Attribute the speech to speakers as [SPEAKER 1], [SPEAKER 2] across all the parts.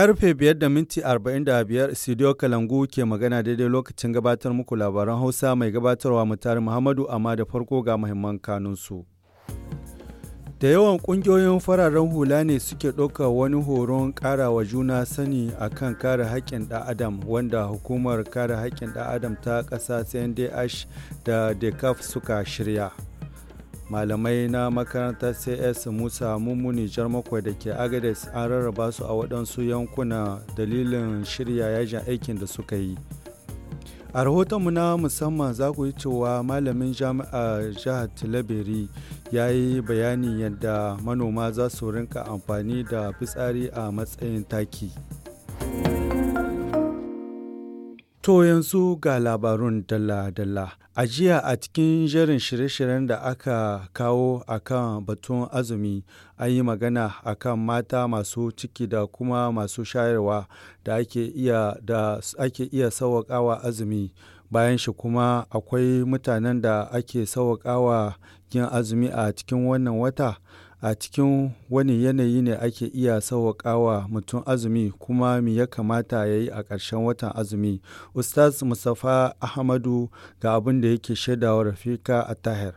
[SPEAKER 1] Karfe 5 da minti Studio Kalangu ke magana daidai lokacin gabatar muku labaran Hausa mai gabatarwa mutane Muhammadu amma da farko ga muhimman kanunsu. Da yawan ƙungiyoyin fararen hula ne suke ɗauka wani horon ƙarawa juna sani a kan kare haƙƙin ɗan adam wanda hukumar kare haƙƙin ɗan adam ta ƙasa CNDH da DECAF suka shirya. malamai na makarantar cs musa mummuni jarmakwai da ke agades an rarraba su a waɗansu yankuna dalilin shirya yajin aikin da suka yi a rahotonmu na musamman za ku yi cewa malamin jami'a jihar tilaberi ya yi bayani yadda manoma za su rinka amfani da fitsari a matsayin taki. To yanzu ga labarun dalla-dalla. A jiya a cikin jerin shirye-shiryen da aka kawo a kan batun azumi an yi magana a kan mata masu ciki da kuma masu shayarwa da ake iya da ake azumi. Bayan shi kuma akwai mutanen da ake sawakawa yin azumi a cikin wannan wata. a cikin wani yanayi ne ake iya sauwaƙawa mutum azumi kuma me ya kamata ya yi a ƙarshen watan azumi ustaz mustapha ahmadu ga abin da yake shaidawa rafika a tahir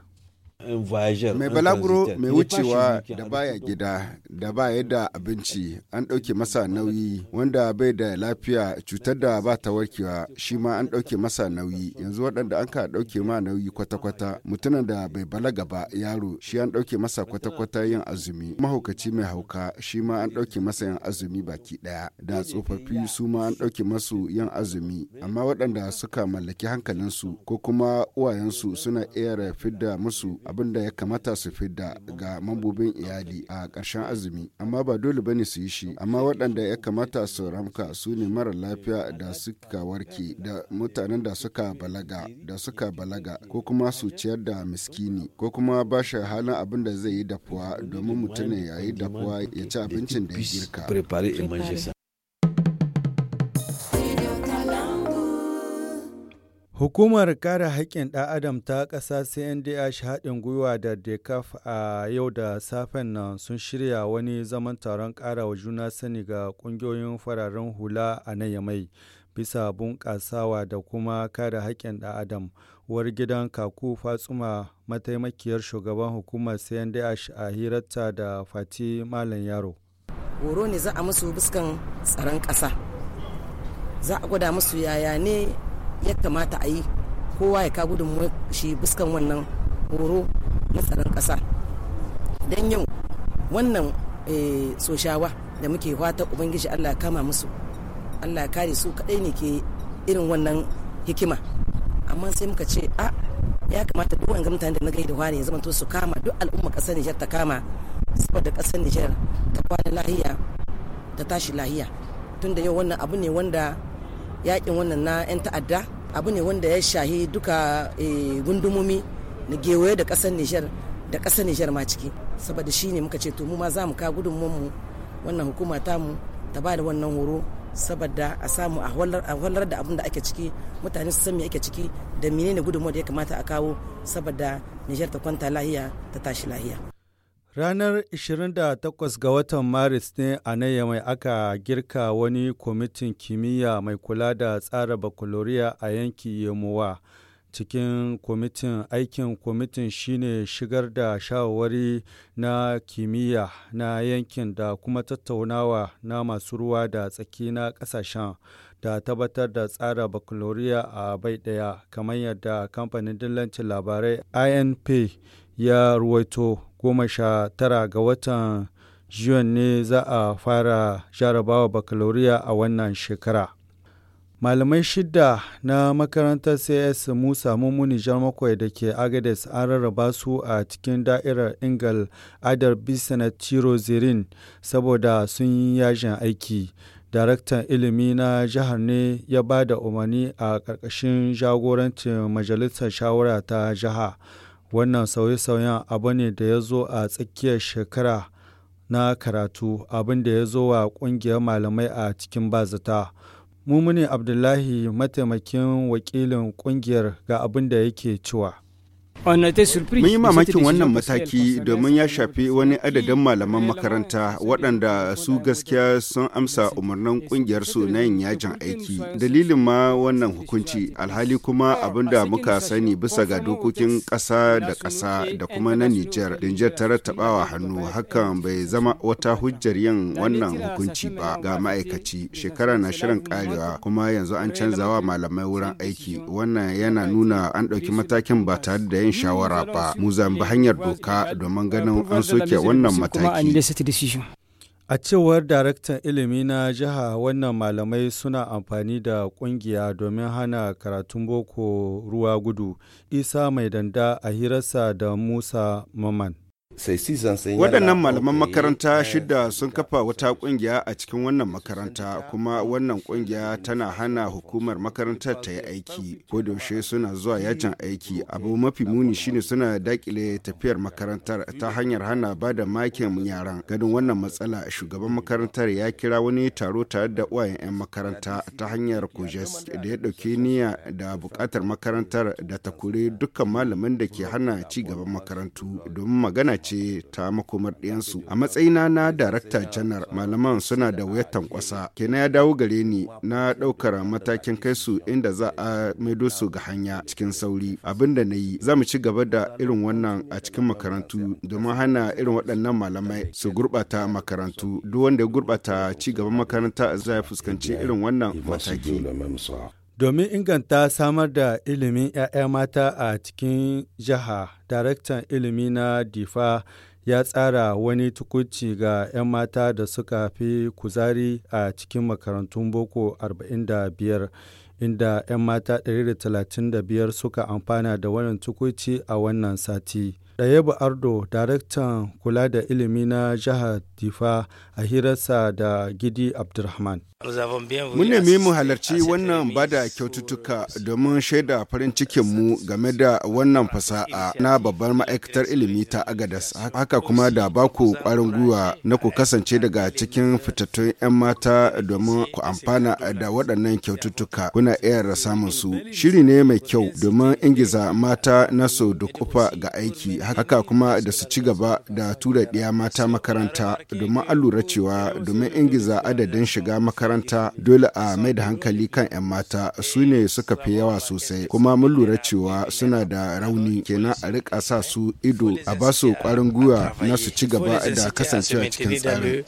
[SPEAKER 2] mai balaguro mai wucewa da baya gida da baya da abinci an ɗauke masa nauyi wanda bai da lafiya cutar da ba ta warkewa shi ma an ɗauke masa nauyi yanzu waɗanda an ka ɗauke ma nauyi kwata-kwata mutumin da bai balaga ba yaro shi an ɗauke masa kwata-kwata yin azumi mahaukaci mai hauka shi ma an ɗauke masa yin azumi baki ɗaya da tsofaffi su ma an ɗauke masu yin azumi amma waɗanda suka mallaki hankalinsu ko kuma uwayensu suna iya fidda musu abin da ya kamata su fidda ga mambobin iyali a karshen azumi amma ba dole ba ne su yi shi amma waɗanda ya kamata su ramka su ne mara lafiya da suka warke da mutanen da suka balaga da suka balaga ko kuma su ciyar da miskini ko kuma ba shi halin abin da zai yi dafuwa domin mutumin ya yi dafuwa ya ci abincin da ya girka
[SPEAKER 1] Hukumar Kare Haƙƙin Ɗan Adam ta ƙasa CNDH haɗin gwiwa da DECAF a yau da safen nan sun shirya wani zaman taron ƙara wa juna sani ga ƙungiyoyin fararen hula a na Yamai bisa bunƙasawa da kuma kare haƙƙin ɗan Adam. Uwar gidan Kaku Fatsuma mataimakiyar shugaban hukumar CNDH a hirarta da Fati Malam Yaro.
[SPEAKER 3] Horo ne za a musu fuskan tsaron ƙasa. Za a gwada musu yaya ne ya kamata a yi kowa ya kawo gudun shi buskan wannan horo na tsaron kasa don yau wannan eh, soshawa da muke fata ubangiji allah kama musu allah kare su kadai ne ke irin wannan hikima amma sai muka ce a ya kamata duk wani mutane da na gaida wani ya zamanto su kama duk al'umma kasar nijar ta kama saboda kasar nijar ta kwana lahiya ta tashi lahiya tunda yau wannan abu ne wanda yakin wannan na 'yan ta'adda abu ne wanda ya shahi duka eh, gundumomi na gewaye da kasar nijar da kasar nijar ma ciki saboda shi ne muka ce to mu ma za mu ka mu wannan hukuma mu ta ba da wannan horo saboda a samu a walar da abin da ake ciki mutane su san me ake ciki da menene gudunmuwa da ya kamata a kawo saboda nijar ta kwanta lahiya ta tashi lahiya
[SPEAKER 1] Ranar 28 ga watan Maris ne a nan mai aka girka wani kwamitin kimiyya mai kula da tsara bakuloriya a yanki Yemowa. Cikin kwamitin aikin kwamitin shine shigar da shawari na kimiyya na yankin da kuma tattaunawa na masu ruwa da tsaki na ƙasashen da tabbatar da tsara bakuloriya a bai ɗaya kamar yadda kamfanin dillancin labarai INP ya ruwaito goma sha tara ga watan juyan ne za a fara jarabawa bakaloriya a wannan shekara malamai shida na makarantar cs musa mummuni jarmakwai da ke agades an rarraba su a cikin da'irar ingal adar bisanat ciro zirin saboda sun yi yajin aiki daraktan ilimi na jihar ne ya ba da umarni a ƙarƙashin jagorancin majalisar shawara ta jiha Wannan sauye-sauyen abu ne da ya zo a tsakiyar shekara na karatu, abin da ya zo wa ƙungiyar malamai a cikin bazata. Mumuni Abdullahi mataimakin wakilin ƙungiyar ga abin da yake cewa.
[SPEAKER 2] Mun yi mamakin wannan mataki domin ya shafi wani adadin malaman makaranta waɗanda su gaskiya sun amsa umarnin ƙungiyar su na yin yajin aiki. Dalilin ma wannan hukunci alhali kuma abin da muka sani bisa ga dokokin ƙasa da ƙasa da kuma na Nijar. Nijar ta rattabawa hannu hakan bai zama wata hujjar yin wannan hukunci ba ga ma'aikaci. Shekara na shirin karewa kuma yanzu an canzawa malamai wurin aiki. Wannan yana nuna an ɗauki matakin ba tare da yin shawara ba mu zambi hanyar doka domin ganin an soke wannan
[SPEAKER 1] mataki a cewar daraktan ilimi na jiha wannan malamai suna amfani da kungiya domin hana karatun boko ruwa gudu isa mai danda a hirarsa da musa maman Waɗannan malaman makaranta eh.
[SPEAKER 2] shida sun kafa wata ƙungiya a cikin wannan makaranta kuma wannan ƙungiya tana hana hukumar makarantar ta yi aiki ko yaushe suna zuwa yajin aiki abu mafi muni shine suna dakile tafiyar makarantar ta hanyar hana ba da makin yaran ganin wannan matsala shugaban makarantar ya kira wani taro tare da uwayen 'yan makaranta ta hanyar kujes da ya ɗauki niyya da buƙatar makarantar da ta kure dukkan malamin da ke hana ci gaban makarantu domin magana ce ta makomar ɗiyansu. A matsayina na darakta janar malaman suna da wuyar tankwasa. Kenan ya dawo gare ni na ɗaukar matakin kai su inda za a maido su ga hanya cikin sauri. Abin da na yi za mu ci gaba da irin wannan a cikin makarantu domin hana irin waɗannan malamai su gurɓata makarantu. Duk wanda ya gurɓata ci gaban makaranta za ya fuskanci irin wannan mataki.
[SPEAKER 1] Domin inganta samar da ilimin 'ya'ya mata a cikin jiha, Daraktan Ilimi na Difa ya tsara wani tukunci ga 'yan mata da suka fi kuzari a cikin makarantun boko 45 inda 'yan mata 135 suka amfana da wannan tukunci a wannan sati. Ɗayabu Ardo, daraktan kula da ilimi na jihar Difa a hirarsa da Gidi Abdulrahman.
[SPEAKER 2] Mun nemi mu halarci wannan bada kyaututtuka domin shaida farin cikinmu game da wannan fasa'a na babbar ma'aikatar ilimi ta Agadas. Haka kuma da baku kwarin gwiwa na ku kasance daga cikin fitattun 'yan mata domin ku amfana da waɗannan kyaututtuka kuna iya samun su. Shiri ne mai kyau domin ingiza mata na su dukufa ga aiki haka kuma da su ci gaba da tura ɗiya mata makaranta domin a lura cewa domin ingiza adadin shiga makaranta dole a mai da hankali kan 'yan mata su ne suka fi yawa sosai kuma mun lura cewa suna da rauni kenan a rika sa su ido a ba su kwarin gwiwa na su ci gaba da kasancewa cikin tsarin.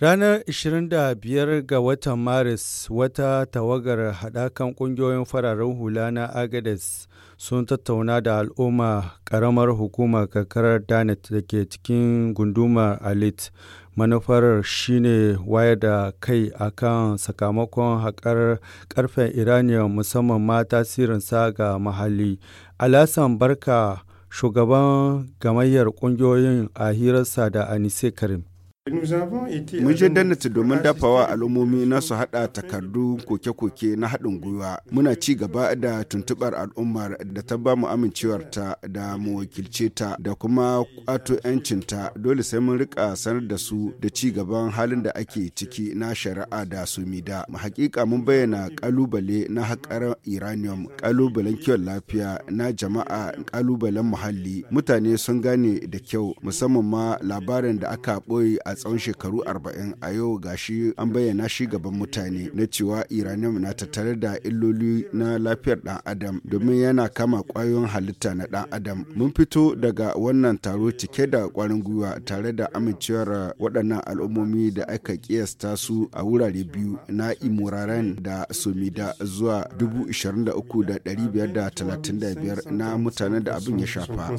[SPEAKER 2] Ranar 25 ga watan
[SPEAKER 1] Maris, wata tawagar haɗakan ƙungiyoyin fararen hula na Agades sun tattauna da al'umma ƙaramar hukumar karkarar Danet da ke cikin gundumar Alit. Manufar shine wayar da kai a kan sakamakon haƙar ƙarfen Iraniya musamman ma tasirinsa ga mahalli. Alasan Barka, shugaban gamayyar ƙungiyoyin a hirarsa
[SPEAKER 2] da Anise Karim. Mun je Dannata domin dafawa al'ummomi na su haɗa takardu koke-koke na haɗin gwiwa. Muna ci gaba da tuntuɓar al'ummar da ta ba mu amincewarta da mu wakilce ta da kuma ƙwato 'yancinta dole sai mun rika sanar da su da ci gaban halin da ake ciki na shari'a da su sumida. Hakika mun bayyana ƙalubale na haƙar uranium, ƙalubalen kiwon lafiya na jama'a, ƙalubalen muhalli. Mutane sun gane da kyau musamman ma labarin da aka ɓoye a tsawon shekaru 40 a yau gashi an bayyana shi gaban mutane na cewa iranian na tattare da illoli na lafiyar dan adam domin yana kama kwayoyin halitta na dan adam mun fito daga wannan taro cike da kwarin gwiwa tare da amincewar waɗannan al'ummomi da aka kiyasta su a wurare biyu na imuraren da sumida zuwa 23,535 na mutanen da abin ya shafa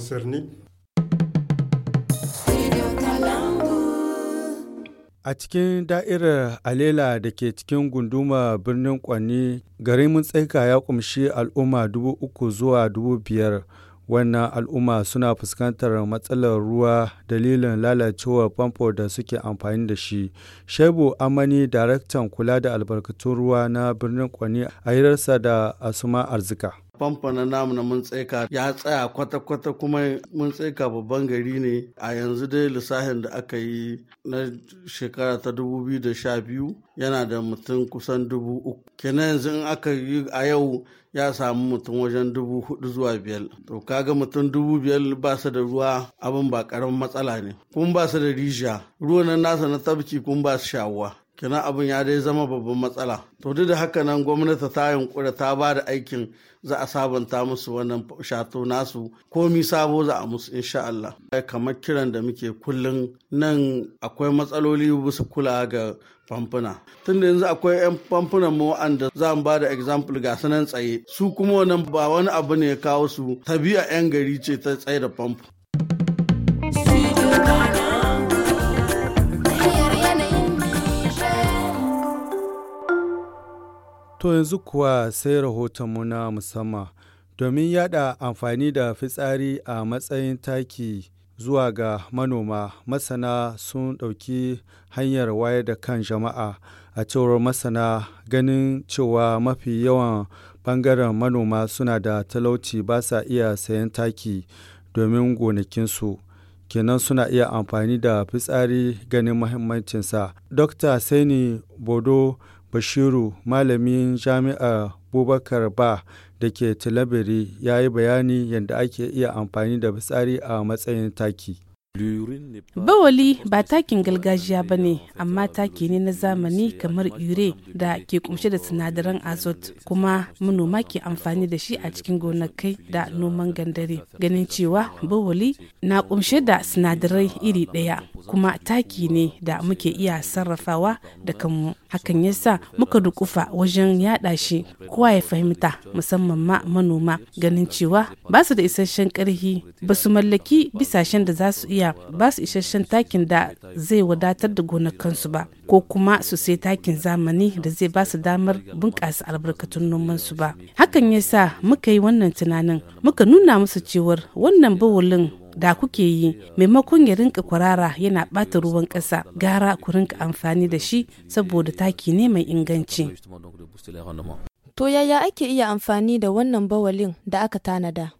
[SPEAKER 1] A cikin da'irar Alela da ke cikin gunduma birnin Kwanni, garin Tsaika ya kumshi al'umma dubu uku zuwa dubu biyar. Wannan al'umma suna fuskantar matsalar ruwa dalilin lalacewa famfo da suke amfani da shi. Shaibu Amani, daraktan kula da albarkatun ruwa na birnin Kwanni a hirarsa da Asuma Arzika.
[SPEAKER 2] famfa na namu na mun
[SPEAKER 1] tsaika ya tsaya kwata-kwata kuma mun tsaika babban gari ne a yanzu dai lissafin da aka yi na shekara ta 2012 yana da mutum kusan dubu uku kenan yanzu in aka yi a yau ya samu mutum wajen dubu hudu zuwa biyar to kaga mutum dubu biyar ba su da ruwa abin ba karamin matsala ne kun ba su da rijiya ruwan nasa na tabki kun ba su shawuwa kina abin ya dai zama babban matsala to duk da haka nan gwamnati ta yunkura ta ba da aikin za a sabanta musu wannan shato nasu komi sabo za a musu insha Allah kamar kiran da muke kullun nan akwai matsaloli su kula ga famfuna tunda yanzu akwai 'yan famfunan mu wa'anda za ba da example ga sanan tsaye su kuma wannan ba wani abu ne ya kawo su tabi'a 'yan gari ce ta tsaye da famfo To yanzu kuwa sai rahotonmu na musamman domin yada amfani da fitsari a matsayin taki zuwa ga manoma masana sun ɗauki hanyar wayar da kan jama'a a cewar masana ganin cewa mafi yawan ɓangaren manoma suna da talauci ba sa iya sayan taki domin gonakinsu kenan suna iya amfani da fitsari ganin mahimmancinsa. Dr. Saini Bodo Bashiru, malamin jami'a bubakar Ba da ke tilabiri ya yi bayani yadda ake iya amfani da fitsari a matsayin taki.
[SPEAKER 4] Bawali ba takin gargajiya ba ne, amma taki ne na zamani kamar ure da ke kumshe da sinadaran azot kuma manoma ke amfani da shi a cikin gonakai da noman gandare. Ganin cewa bawali na kumshe da sinadarai iri ɗaya kuma taki ne da muke iya sarrafawa da kanmu. hakan yasa muka rukufa wajen yada shi kowa ya fahimta musamman ma manoma ganin cewa ba su da isasshen karhi ba su mallaki bisashen da za su iya ba su isasshen takin da zai wadatar da gonakansu ba ko kuma su sai takin zamani da zai ba su damar bunƙasa albarkatun nomansu ba hakan yasa muka yi wannan tunanin muka nuna musu cewar wannan bawulin da kuke yi maimakon ya rinka kwarara yana ɓata ruwan ƙasa gara ku rinka amfani da shi saboda taki ne mai inganci. To yaya ake iya amfani da wannan bawalin da aka tanada?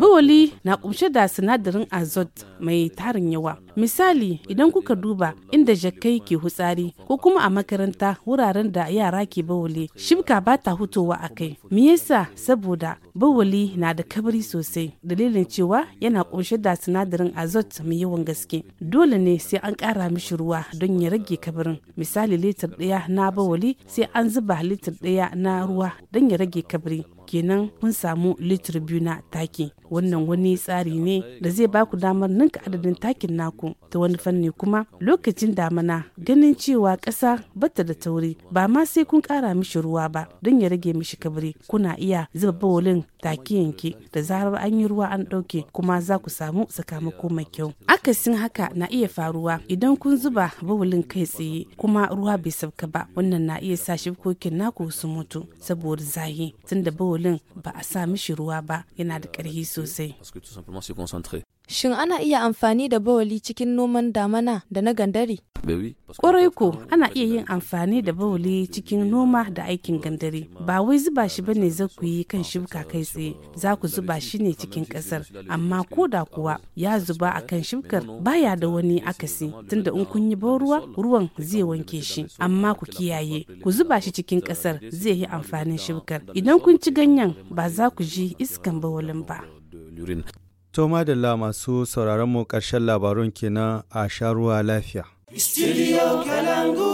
[SPEAKER 4] Bawali na kumshe da sinadarin azot mai tarin yawa. Misali idan kuka duba inda jakai ke hutsari ko kuma a makaranta wuraren da yara ke bawali shibka ba ta hutowa a kai. Me yasa saboda bawali na da kabari sosai dalilin cewa yana kumshe da sinadarin azot mai yawan gaske. Dole ne sai an kara mishi ruwa don ya rage kabarin. Misali litir ɗaya na bawali sai an zuba litir ɗaya na ruwa don ya rage kabari. kenan kun samu litiri biyu na taki wannan wani tsari ne da zai ba ku damar ninka adadin takin naku ta wani fanni kuma lokacin damana ganin cewa ƙasa bata da tauri ba ma sai kun ƙara mishi ruwa ba don ya rage mishi kabari kuna iya zuba bawolin takiyanki da zarar an yi ruwa an ɗauke kuma za ku samu sakamako mai kyau akasin haka na iya faruwa idan kun zuba bawulin kai tsaye kuma ruwa bai sauka ba wannan na iya sa shifkokin naku su mutu saboda zahi tunda bawulin ba a sa mishi ruwa ba yana da ƙarfi sosai Shin ana iya amfani da bawali cikin noman damana da na gandari? Ƙwarai ko ana iya yin amfani da bawali cikin noma da aikin gandari. Ba wai zuba shi bane za ku yi kan shibka kai tsaye, za ku zuba shi ne cikin ƙasar. Amma ko da kuwa ya zuba a kan shibkar baya da wani akasi, tunda in kun yi ban ruwa, ruwan zai wanke shi. Amma ku kiyaye, ku zuba shi cikin ƙasar zai yi amfanin shibkar. Idan kun ci ganyen ba za ku ji iskan bawalin ba.
[SPEAKER 1] To madalla masu sauraron mu ƙarshen labarun kenan a sha ruwa lafiya.
[SPEAKER 4] Studio Kalangu.